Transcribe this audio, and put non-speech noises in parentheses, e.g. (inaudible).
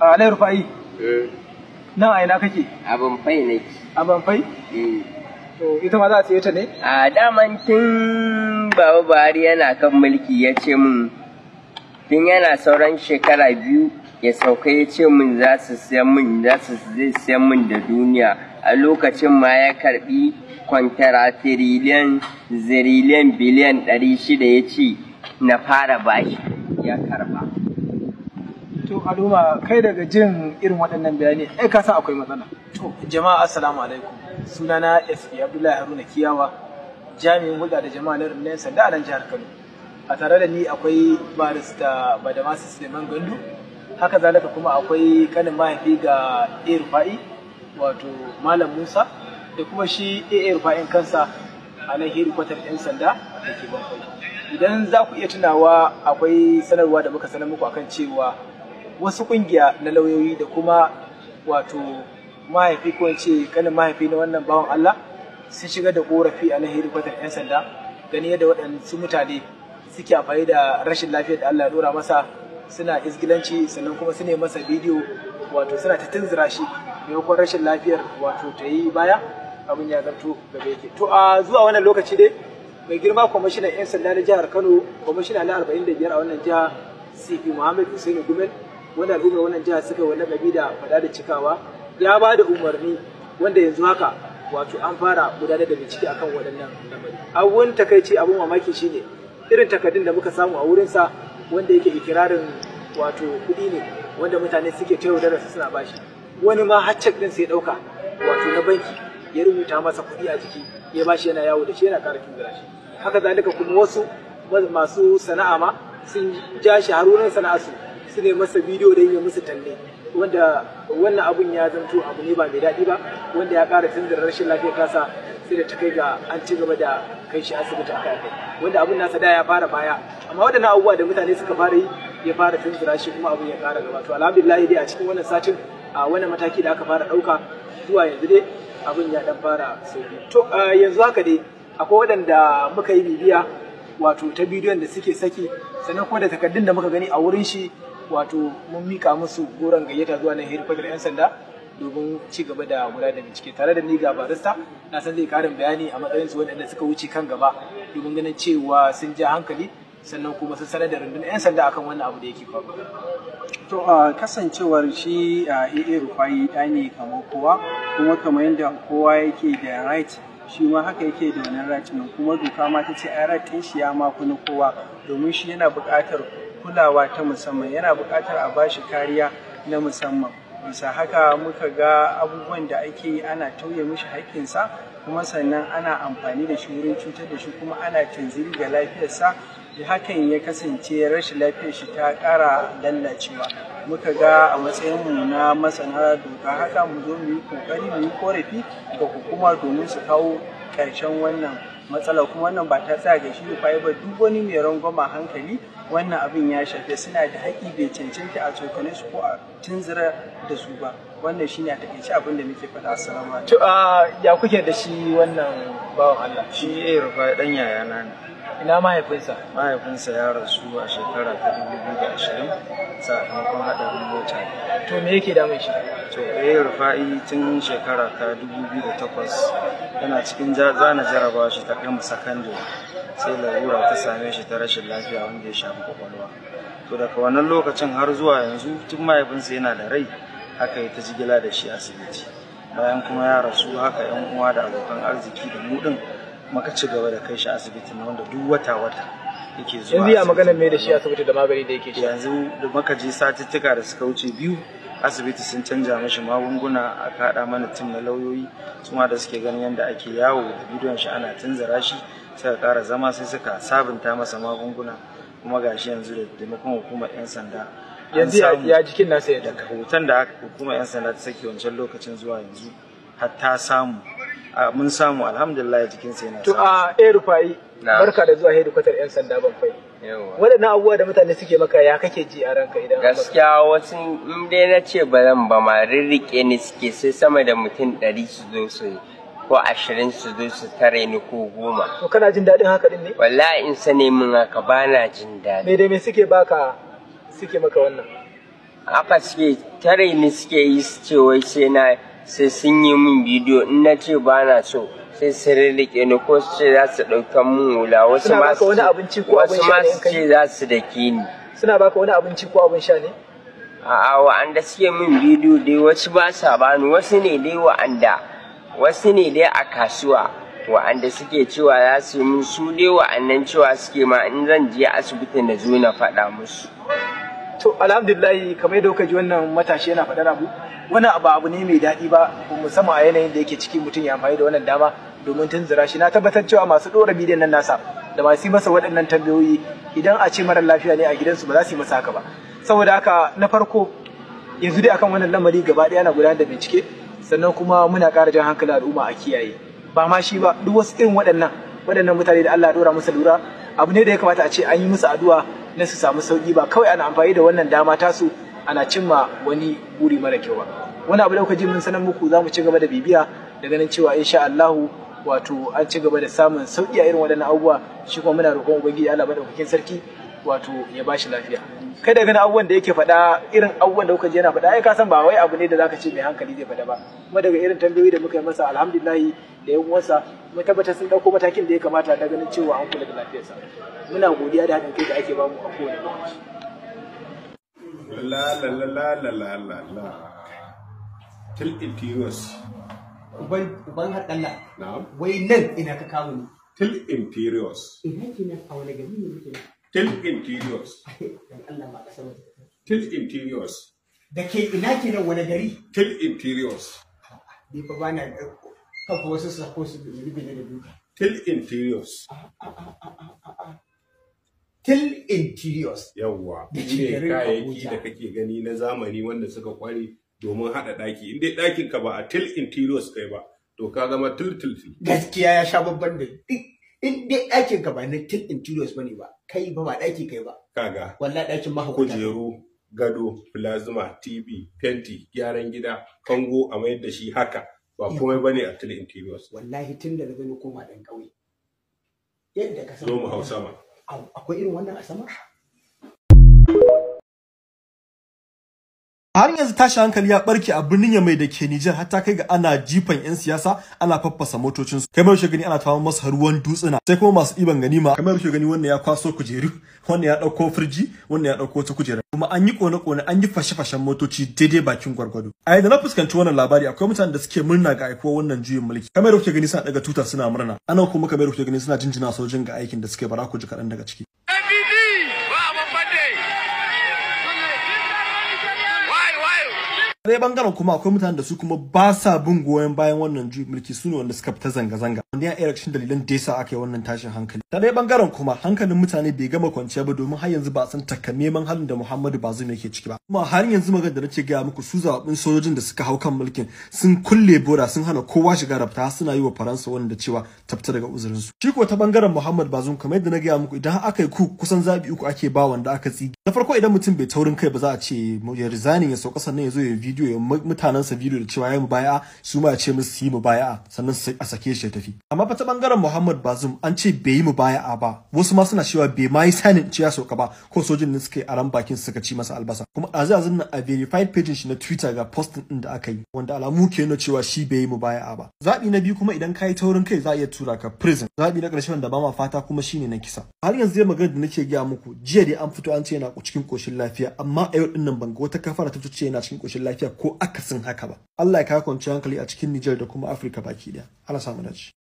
alayar fa'i eh. nan a ina kake abin fai ne a fai? Eh. to ita ma za a ce ta ne a daman tun baba buhari yana kan mulki ya ce mun tun yana sauran shekara biyu ya sauka ya ce min za su siyan mun za su zai siyan min da duniya a lokacin ma ya karbi kwantara tiriliyan ziriliyan biliyan ɗari shida ya ce na fara bashi ya karba To Aluma kai daga jin irin waɗannan bayani ai ka san akwai matsala. To jama'a assalamu alaikum. Sunana SP Abdullahi Haruna Kiyawa jami'in hulɗa da jama'a na rundunar sanda a jihar Kano. A tare da ni akwai barista Badamasi Suleiman Gandu haka zalika kuma akwai kanin mahaifi ga Irfa'i wato Malam Musa da kuma shi AA Irfa'in kansa a nan kwatar 'yan sanda da ke Idan za ku iya tunawa akwai sanarwa da muka sanar muku akan cewa wasu kungiya na lauyoyi da kuma wato mahaifi ko ce kanin mahaifi na wannan bawan Allah sun shiga da korafi a nan hedikwatar 'yan sanda gani yadda waɗansu mutane suke amfani da rashin lafiyar da Allah ya dora masa suna izgilanci sannan kuma su ne masa bidiyo wato suna ta tunzura shi maimakon rashin lafiyar wato ta yi baya abin ya zarto gaba yake to a zuwa wannan lokaci dai mai girma kwamishinan 'yan sanda na jihar kano kwamishina na 45 a wannan jiha cp muhammad hussein gumel wanda al'ummar wannan jiha suka yi wannan lakabi da faɗa da cikawa ya ba da umarni wanda yanzu haka wato an fara gudanar da bincike akan waɗannan lamari takaici abun mamaki shine irin takardun da muka samu a wurinsa wanda yake ikirarin wato kuɗi ne wanda mutane suke ta yaudarar suna bashi wani ma haccek ɗin sai ɗauka wato na banki ya rubuta masa kuɗi a jiki ya bashi yana yawo da shi yana ƙara tunzura gashi haka zalika kuma wasu masu sana'a ma sun ja shi har wurin sana'arsu su ne masa bidiyo da ya musu talle wanda wannan abun ya zanto abu ne ba mai daɗi ba wanda ya ƙara da rashin lafiyar kasa, sai da ta kai ga an ci gaba da kai shi asibiti a kai wanda abun nasa da ya fara baya amma waɗannan abubuwa da mutane suka fara yi ya fara tunzura shi kuma abun ya ƙara gaba to alhamdulillah dai a cikin wannan satin a wannan mataki da aka fara ɗauka zuwa yanzu dai abun ya ɗan fara sauki to yanzu haka dai akwai waɗanda muka yi bibiya wato ta bidiyon da suke saki sannan kuma da takardun da muka gani a wurin shi wato mun mika musu goron gayyata zuwa nan hedikwatar 'yan sanda domin ci gaba da gudanar da bincike tare da ni ga barista na san zai karin bayani a matsayin su waɗanda suka wuce kan gaba domin ganin cewa sun ja hankali sannan kuma sun sanar da rundunar 'yan sanda akan wannan abu da yake faru To a kasancewar shi a ee rufayi da ne kamar kowa kuma kamar yadda kowa yake da right shi ma haka yake da wannan right kuma doka ma ta ce ai right ɗin shi ya ma kowa domin shi yana buƙatar kulawa ta musamman yana buƙatar a bashi kariya na musamman bisa haka muka ga abubuwan da ake yi ana tauye mishi haƙƙinsa kuma sannan ana amfani da shi wurin cutar da shi kuma ana canziri ga lafiyarsa hakan ya kasance rashin lafiyar shi ta ƙara lallacewa muka ga a matsayin mu na masana doka haka mu zo mu yi ƙoƙari mu yi ƙorafi ga hukuma domin su kawo ƙarshen wannan matsala kuma wannan ba ta tsaya ga shi ba ba duk wani mai rangwama hankali wannan abin ya shafe suna da haƙi bai cancanta a tsokane su ko a tunzura da su ba wannan shine a takaice abin da muke faɗa assalamu alaikum to ah, ya kuke da shi wannan bawan Allah shi eh rufa dan yayana ne ina mahaifinsa mahaifinsa ya rasu a shekara ta 2020 sakamakon haɗarin mota to me yake damun shi to eh rufa'i tun shekara ta 2008 yana cikin zana jarabawa shi ta gama sakandare sai larura ta same shi ta rashin lafiya wanda ya shafi kwakwalwa to daga wannan lokacin har zuwa yanzu tun mahaifinsa yana da rai haka yi ta jigila da shi asibiti bayan kuma ya rasu haka yan uwa da abokan arziki da mu maka ci gaba da kai shi asibiti na wanda duk wata wata yake zuwa yanzu ya magana mai da shi asibiti da magani da yake shi. yanzu da maka je satuttuka da suka wuce biyu asibiti sun canja mashi magunguna a kaɗa mana tim na lauyoyi suma da suke ganin yadda ake yawo da bidiyon shi ana tunzara shi suka ƙara zama sai suka sabunta masa magunguna kuma gashi yanzu da taimakon hukumar 'yan sanda yanzu ya jikin nasa ya daga hoton da hukumar 'yan sanda ta sake wancan lokacin zuwa yanzu har ta samu mun samu alhamdulillah jikin sai na to a eh rufai barka da zuwa hedikwatar yan sanda ban fai waɗannan abubuwa da mutane suke maka ya kake ji a ranka idan gaskiya wasu in dai na ce ba zan ba ma rirriƙe ni suke sai sama da mutum ɗari su zo su yi ko ashirin su zo su tare ni ko goma. To kana jin daɗin haka din ne? Wallahi in sani min haka ba na jin daɗi. Me da me suke baka suke maka wannan? Haka suke tare ni suke yi su ce wai sai na sai sun yi min bidiyo in na ce ba na so sai su rirrike ni ko su ce za su ɗaukan min wula wasu ma su ce za su dake ni suna baka wani abinci ko abin sha ne a'a wa'anda suke min bidiyo dai wasu ba sa bani wasu ne dai wa'anda wasu ne dai a kasuwa wa'anda suke cewa za su min su dai wa'annan cewa suke ma in zan je asibitin da zo na faɗa musu to alhamdulillah kamar yadda kuka ji wannan matashi yana faɗar abu Wani abu abu ne mai daɗi ba musamman a yanayin da yake ciki mutum ya amfani da wannan dama domin tunzura shi na tabbatar cewa masu ɗora bidiyon nan nasa da masu yi masa waɗannan tambayoyi idan a ce marar lafiya ne a gidansu ba za su yi masa haka ba saboda haka na farko yanzu dai akan wannan lamari gaba ɗaya na gudanar da bincike sannan kuma muna ƙara jan hankali al'umma a kiyaye ba ma shi ba duk wasu irin waɗannan waɗannan mutane da Allah ya ɗora musu lura abu ne da ya kamata a ce an yi musu addu'a na su samu sauki ba kawai ana amfani da wannan dama ta su ana cimma wani buri mara kyau ba wani abu da kuka ji mun sanar muku za mu ci gaba da bibiya da ganin cewa insha Allahu wato an ci gaba da samun sauki a irin waɗannan abubuwa shi kuma muna roƙon ubangiji Allah madaukakin sarki wato ya ba shi lafiya kada gani abubuwan da yake faɗa irin abubuwan da kuka ji yana faɗa ai ka san ba wai abu ne da zaka ce mai hankali zai faɗa ba kuma daga irin tambayoyi da muka yi masa alhamdulillahi da yan uwansa mu tabbatar sun ɗauko matakin da ya kamata da ganin cewa an kula da lafiyarsa muna godiya da haɗin kai da ake bamu a kowane lokaci la la la la la la la la till it yours uban uban har na'am wai nan ina ka kawo ni till imperious ina kina ne Till interiors. (laughs) Till interiors. Da ke ina ke nan wani gari? Till interiors. Ni fa bana eh, kafa wasu sako su rubi da duka. Till interiors. Ah, ah, ah, till interiors. Yawwa. Da kayayyaki da kake gani na zamani wanda suka kware domin haɗa ɗaki. In dai ɗakin ka ba a till interiors kai ba. To ka zama til til Gaskiya ya sha babban da duk in dai ɗakin ka ba na tin interiors bane ba kai ba ba ɗaki kai ba kaga wallahi ɗakin mahaukata kujeru gado plasma tv fenti gyaran gida kango a mayar da shi haka ba komai bane a tin interiors wallahi tun da na koma ɗan ƙauye yadda ka san zo mu hausa ma akwai irin wannan a sama har yanzu tashi hankali ya barke a birnin Yamai da ke Nijar har ta kai ga ana jifan yan siyasa ana faffasa motocin su kamar yaushe gani ana tawo masa ruwan dutsuna sai kuma masu iban ganima kamar yaushe gani wannan ya kwaso kujeru wannan ya dauko firji wannan ya dauko ta kujera kuma an yi kone kone an yi fashe fashen motoci daidai bakin gwargwado a yadda na fuskanci wannan labari akwai mutanen da suke murna ga aikuwa wannan juyin mulki kamar yaushe gani suna daga tuta suna murna ana kuma kamar yaushe gani suna jinjina sojin ga aikin da suke bara ku ji kaɗan daga ciki ta yi bangaren kuma akwai mutanen da su kuma ba sa bin goyon bayan wannan juyin mulki su ne wanda suka fita zanga-zanga wanda ya iya rikishin dalilan da yasa aka yi wannan tashin hankali ta dai bangaren kuma hankalin mutane bai gama kwanciya ba domin har yanzu ba san takamaiman halin da Muhammadu Bazum yake ciki ba kuma har yanzu magana da nace gaya muku su zaɓin sojojin da suka hau kan mulkin sun kulle bora sun hana kowa shiga rafta suna yi wa Faransa wanda cewa tafta daga uzurin su shi ko ta bangaren Muhammadu bazu kamar yadda na gaya muku idan aka yi ku kusan zabi uku ake ba wanda aka tsige na farko idan mutum bai taurin kai ba za a ce ya resigning ya sauka sannan ya zo ya video bidiyo ya mutanen sa bidiyo da cewa ya mu mubaya'a su ma ce musu yi mu baya'a sannan a sake shi ya tafi amma fa ta bangaren Muhammad Bazum an ce bai yi mu mubaya'a ba wasu ma suna cewa bai ma yi sanin ce ya ba ko sojin ne suka yi aran bakin suka ci masa albasa kuma a zai nan a verified page shi na Twitter ga post din da aka yi wanda alamu ke nuna cewa shi bai yi mu baya'a ba zabi na biyu kuma idan ka yi taurin kai za a iya tura ka prison zabi na ƙarshe wanda ba ma fata kuma shine na kisa har yanzu zai magana da nake gaya muku jiya dai an fito an ce yana cikin koshin lafiya amma a yau din nan ban ga wata kafara ta ce yana cikin koshin lafiya ko akasin haka ba Allah ya kawo kwanciyar hankali a cikin Nijar da kuma Afirka baki daya Allah samu dace